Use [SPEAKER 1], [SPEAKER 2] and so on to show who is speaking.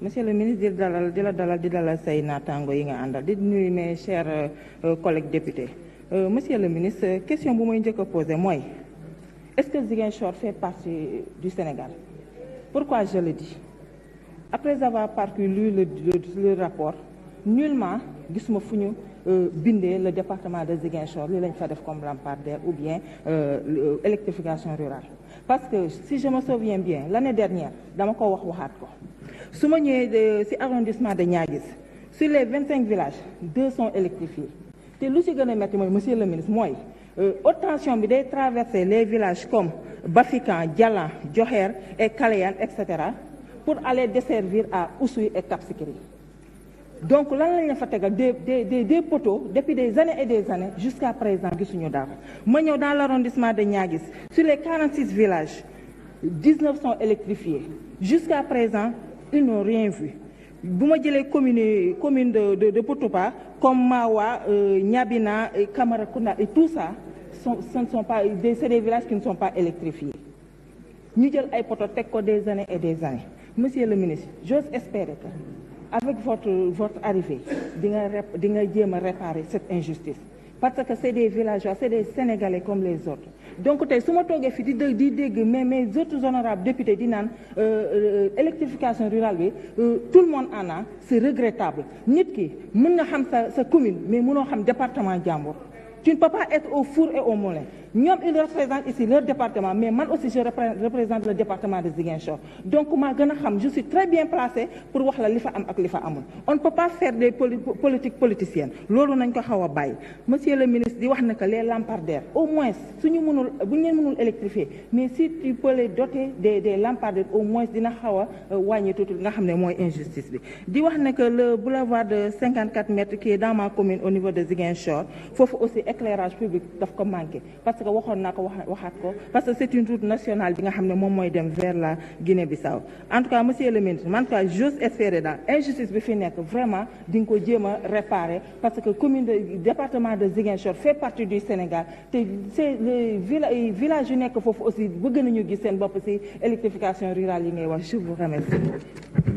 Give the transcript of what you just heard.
[SPEAKER 1] monsieur le ministre di dalal di la dalal di dalal say naataango yi nga àndal di nuyu mais chers euh, collègues députés euh, monsieur le ministre question bu may njëkk a mooy est-ce que Ziguinchor fait partie du Sénégal pourquoi je le dis après avoir parcouru le, le rapport nullement gisuma fu ñu euh, bindee le département de Ziguinchor li lañ fa def comme lampadaire ou bien euh, électrification rurale parce que si je me souviens bien l'année dernière dama ko wax waxaat ko su ma ñëwee si arrondissement de gis sur les vingt cinq villages deux sont électrifiés te lu ci gën a metti mooy monsieur le ministre mooy euh, haute tension bi day traverser les villages comme Bafikan Dialan Dioher et Kalayan et cetera pour aller desservir à Oussouye et Cap donc lan lañ la fa tegal des des des poteaux depuis des années et des années jusqu'à présent gisuñu dara ma ñëw dans l'arrondissement de Niaguis sur les 46 villages 19 son électrifiés jusqu'à présent ils n'ont rien vu bu ma jëlee commune commune de de de Potopa comme Mawa euh, Niabina Kamarakunda et tout ça sont ce ne sont pas c'est des villages qui ne sont pas électrifiés ñu jël ay poteaux teg ko des années et des années monsieur le ministre j'ose espérer avec votre votre arrivée di nga di nga jéem a réparer cette injustice parce que c'est des villageois c'est des sénégalais comme les autres donc tey su ma toogee fii di dé di dégg mais mais autres honorables députés di naan euh, euh, électrification rurale bi euh, tout le monde en a c'est regrettable nit ki mën nga xam sa sa commune mais mënoo xam département jàmbur tu ne peux être au four et au moulin ñoom ils représentent ici leur département mais man aussi je représente le département de Ziguinchor donc maa gën a xam je suis très bien placée pour wax la li fa am ak li fa amul on ne peut pas faire des politiques politiciennes loolu nañ ko xaw a bàyyi monsieur le ministre di wax ne que les lampadaires au moins suñu mënul bu ñu mënul électrifier mais si tu peux les doter des des lampadaires au moins dina xaw a euh, wàññi tuuti nga xam ne mooy injustice bi di wax ne que le boulevard de 54 mètres qui est dans ma commune au niveau de Ziguinchor foofu aussi ko manqué que waxoon naa ko wax waxaat ko parce que c'est une route nationale bi nga xam ne moom mooy dem vers la Guinée-Bissau en tout cas monsieur le ministre en tout cas j'ose espérer daal injustice bi fi nekk vraiment di nga ko jéem a réparer parce que commune de département de Ziguinchor fait partie du Sénégal te c'est les yu nekk foofu aussi bëgg nañu gis seen bopp ci électrification rurale yi ngay wax je vous remercie